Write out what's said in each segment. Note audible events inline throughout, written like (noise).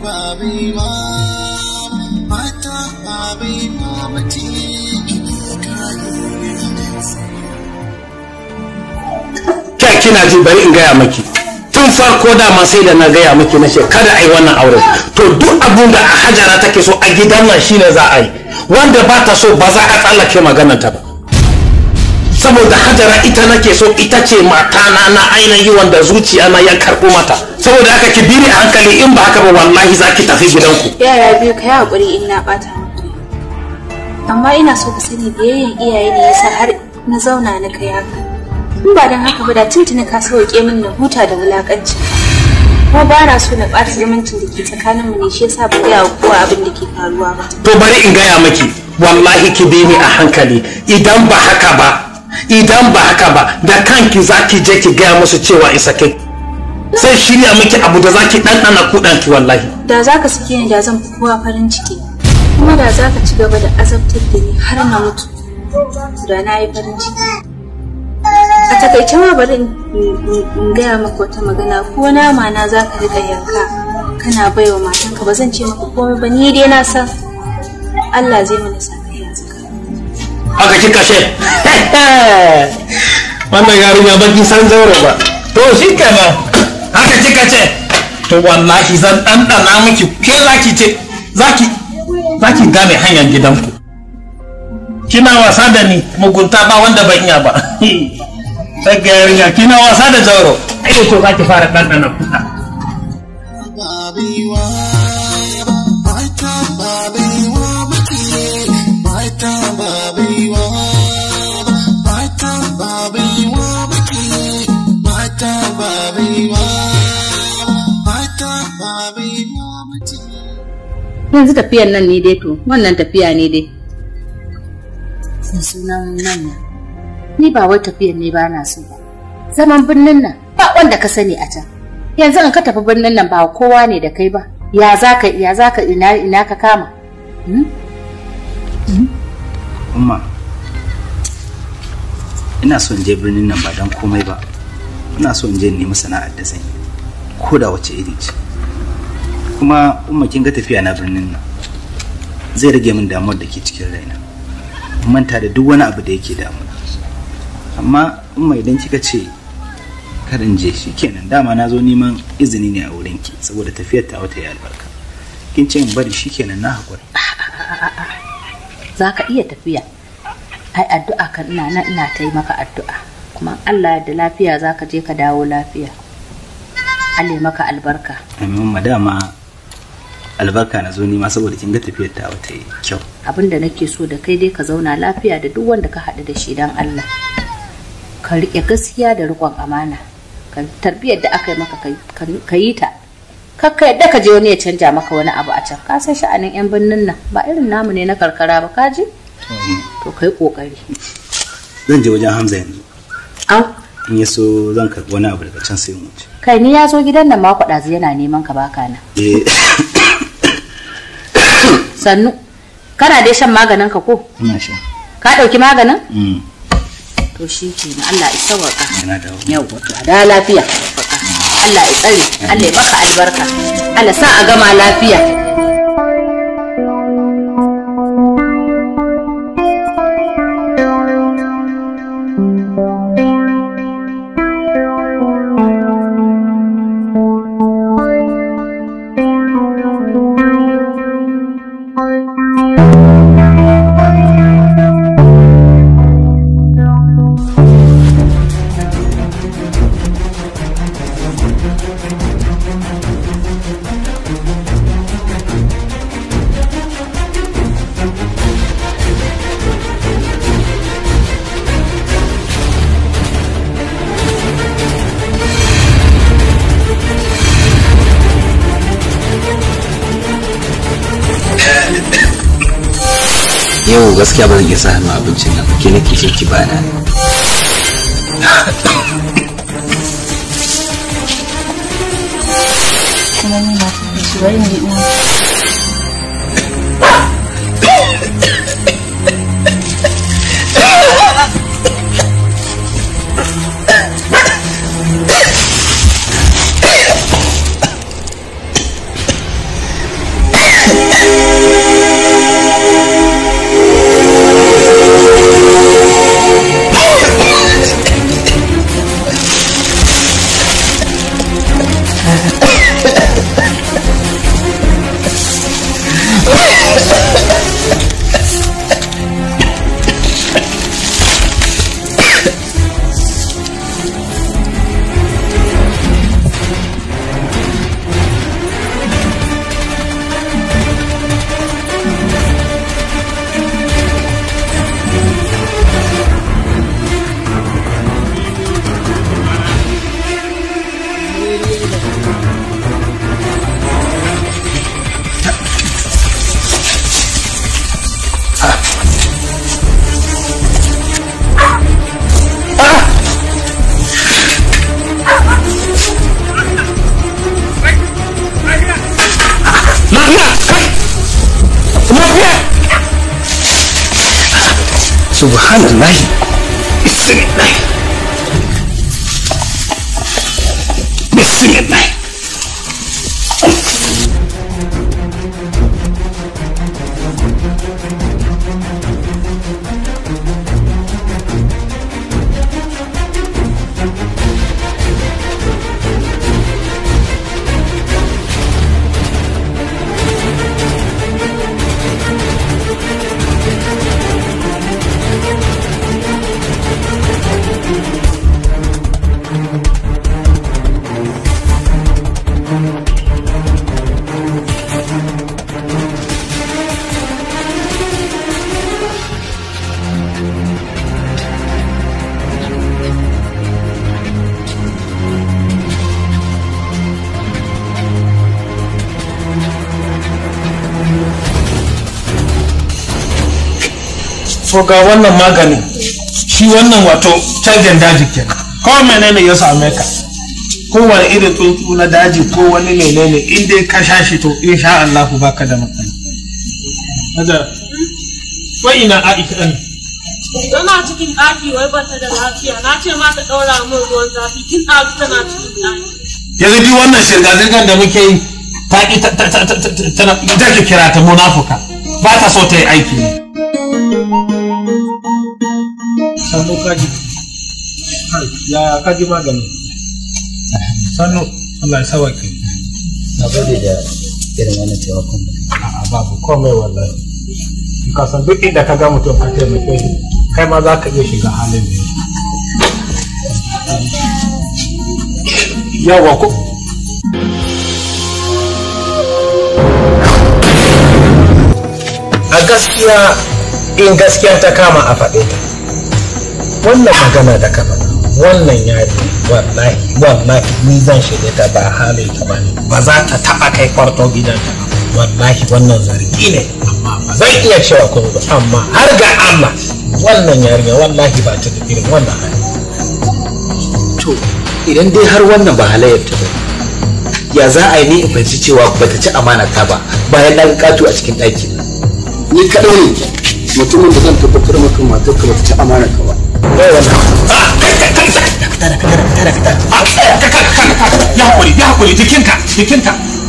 kya kina ji bari in gaya maki tun farko dama sai da na gaya maki na ce kada a yi wannan aure. to duk abun da a hajara take so a gidan nan shine za a yi wanda ba ta so ba za a tsallake maganar ta ba saboda hajara ita nake so ita ce matana na ainihin wanda zuciya na ya karbo mata saboda aka ki biri a hankali in ba haka ba wallahi za ki tafi gidanku yara biyu ka yi haƙuri in na ɓata amma ina so ka sani biyayyen iyaye ne ya sa har na zauna na kai haka in ba don haka ba da tuntuni ka sauke min na huta da wulaƙanci. kuma ba na so na ɓata zumuncin da ke tsakaninmu ne shi yasa ba gaya kowa abin da ke faruwa ba to bari in gaya maki wallahi ki bi ni a hankali idan ba haka ba idan ba haka ba da kanki zaki je ki gaya musu cewa isa kai? sai shirya miki abu da za ki ɗanɗana ki wallahi da za ka ni da zan fi kowa farin ciki kuma da za ci gaba da azabtar da ni har na mutu da na yi farin ciki a takaice ma bari in gaya maka wata magana ko nama na za ka riƙa yanka kana baiwa matanka ba zan ce maka komai ba ni dai na san Allah zai mu aka ci kashe (laughs) wannan yarinya baki san zaure ba to shi kenan aka ci kashe to wallahi zan ɗanɗana miki ke zaki ce zaki zaki game hanyar gidanku kina wasa da ni mugunta ba wanda ban iya ba (laughs) sai ga yarinya kina wasa da zauro ai eh, to zaki fara ɗanɗana kuka yanzu tafiyan nan ne dai to wannan tafiya ne dai sun sunan manya ni ba wai tafiyan ne ba na so ba zaman birnin nan ba wanda ka sani a can yanzu in ka tafi birnin nan ba kowa ne da kai ba ya ka ya ka ina ina ka kama hmm? Hmm? umma ina so in je birnin nan ba don komai ba ina so in je nemi sana'ar da zan yi ko da wace iri ce kuma umma kin ga tafiya na birnin nan zai rage min damuwar da ke cikin raina manta da duk wani abu da yake damu amma umma idan kika ce karin je shi kenan dama na zo neman izini ne a wurin ki saboda tafiyar ta wata ya albarka kin ce in bari shi kenan na haƙura za ka iya tafiya ai addu'a kan ina nan ina ta yi maka addu'a kuma Allah da lafiya za ka je ka dawo lafiya Allah maka albarka amin madama albarka na zo nima saboda kin ga tafiyar ta wata yi kyau abin da nake so da kai dai ka zauna lafiya da duk wanda ka haɗu da shi dan Allah ka riƙe gaskiya da riƙon amana ka tarbiyyar da aka yi maka ka yi ta ka yadda ka je wani ya canja maka wani abu a can ka san sha'anin yan birnin nan ba irin namu ne na karkara ba ka ji to kai kokari zan je wajen Hamza yanzu au in ya so zan karɓi wani abu daga can sai mu kai ni ya zo gidan nan mako ɗazu yana neman ka baka na eh. (laughs) sannu kana dai shan maganin ka ko ina sha ka dauki maganin mm. to shi ke na Allah ya sawaka yau wato da lafiya mm. Allah ya tsare Allah ya baka albarka Allah sa a gama lafiya gaskiya ba zan iya sa hannu abincin nan ke nake cin ki bana सुबह नहीं इसलिए नहीं इसलिए नहीं so ga wannan maganin shi wannan wato canjin daji ke kawai menene ya same ka kowane irin tsuntsu na daji ko wani menene in dai ka sha shi to in sha Allah baka da matsala hada wa ina aisha an tana cikin daki wai bata da lafiya na ce ma ta daura min ruwan zafi kin dazu tana cikin daki yanzu duk wannan shirga da muke yi ta ki ta ta ta ta ta ta sanu kaji ya kaji magani. Sanu, Allah sawa ke na gode da irin wani taimakon a'a babu komai wallahi ka san duk inda ka ga mutum ka taimake shi kai ma za ka iya shiga halin ne yawa ko a gaskiya in gaskiya ta kama a faɗe ta wannan magana da ka faɗa wannan yari wallahi wallahi ni zan shige ta ba halin ta ba ne ba za ta taɓa kai kwarto gidanta ta. wallahi wannan zargi ne amma ba zan iya cewa kuma ba amma har ga Allah wannan yarinya wallahi ba ta da irin wannan hali to idan dai har wannan ba halayyar ta ba ya za a yi ni in fahimci cewa ba ta ci amana ta ba bayan na katu a cikin ɗaki ni kaɗai ne mutumin da zan tabbatar maka matar ka ba ta ci amana ka ba ya hakuri ya hakuri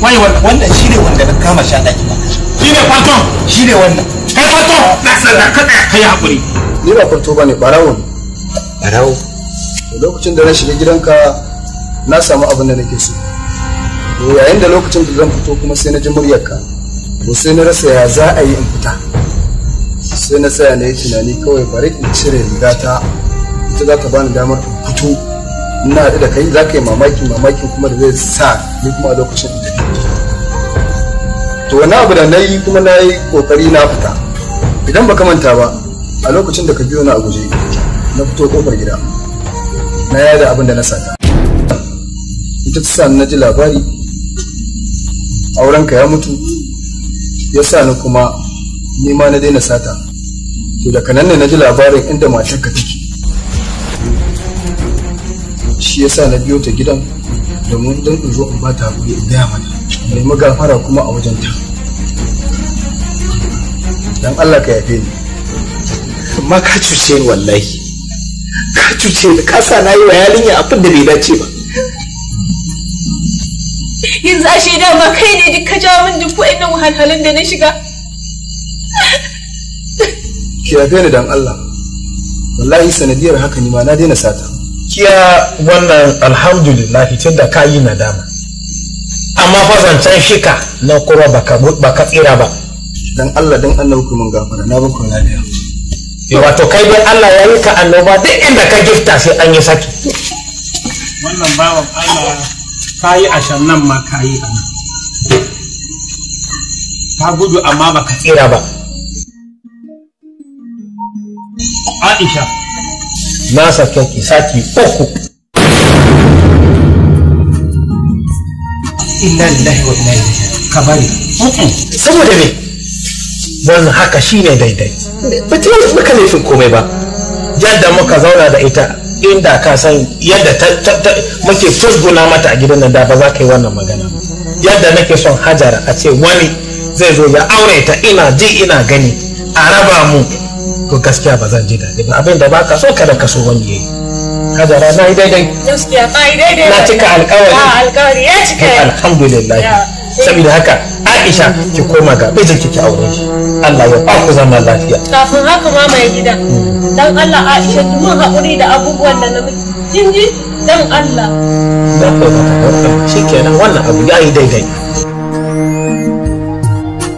wannan wannan kama ba ne faton wannan kai faton na ka hakuri ni ba kwanto barawo ne barawo lokacin da na shiga gidanka na samu abin da nake so yayin da lokacin da zan fito kuma sai na ji muryarka to sai na rasa ya za a yi in fita sai na saya na yi tunani kawai bari in cire rigata ita za ta bani damar in fito ina da kai za ka yi mamakin mamaki kuma da zai sa ni kuma a lokacin da ke. to wani abu da na yi kuma na yi kokari na fita idan baka manta ba a lokacin da ka biyo na a guje na fito kofar gida na yada abin da na saka. ita ta sa na ji labari aurenka ya mutu ya sa ni kuma nema na daina sata to daga nan ne na ji labarin inda matar ka take shi yasa na biyo ta gidan domin don in zo in ba ta hakuri in gaya mata mai magafara kuma a wajen ta dan Allah ka yafe ni amma ka cuce ni wallahi ka cuce ni ka sa na yi wa yarinya abin da bai dace ba yanzu ashe ma kai ne duk ka jawo min duk wa'annan wahalhalun da na shiga Kiyaye yafe ni dan Allah wallahi sanadiyar haka ni ma na daina sata kiya wannan alhamdulillah tun da ka yi nadama amma fa zancen shika na kuma baka tsira ba dan Allah dan Allah ku mun gafara na ba ku lafiya wato kai dai Allah ya yi ka annoba duk inda ka gifta sai an yi saki wannan bawan Allah ka yi a shan nan ma ka yi a nan ka gudu amma baka tsira ba Aisha na sake ki saki uku inna lillahi wa inna ilaihi ka bari saboda me wannan haka shine daidai ba ta yi maka laifin komai ba yadda muka zauna da ita inda ka san yadda muke fusguna mata a gidan nan da ba za ka yi wannan magana yadda nake son hajara a ce wani zai zo ya aure ta ina ji ina gani a raba mu to gaskiya ba zan ji daɗi ba abin da ba ka so kada ka so wani yayi hajara na yi daidai gaskiya ba yi daidai na cika alkawari alƙawari ya cika eh, alhamdulillah saboda haka Aisha ki koma ga bijin ki aure shi Allah ya ba ku zama lafiya kafin haka ma mai gida dan Allah Aisha ki mun haƙuri da abubuwan da na miki kin ji dan Allah dan ko da kenan wannan abu yayi daidai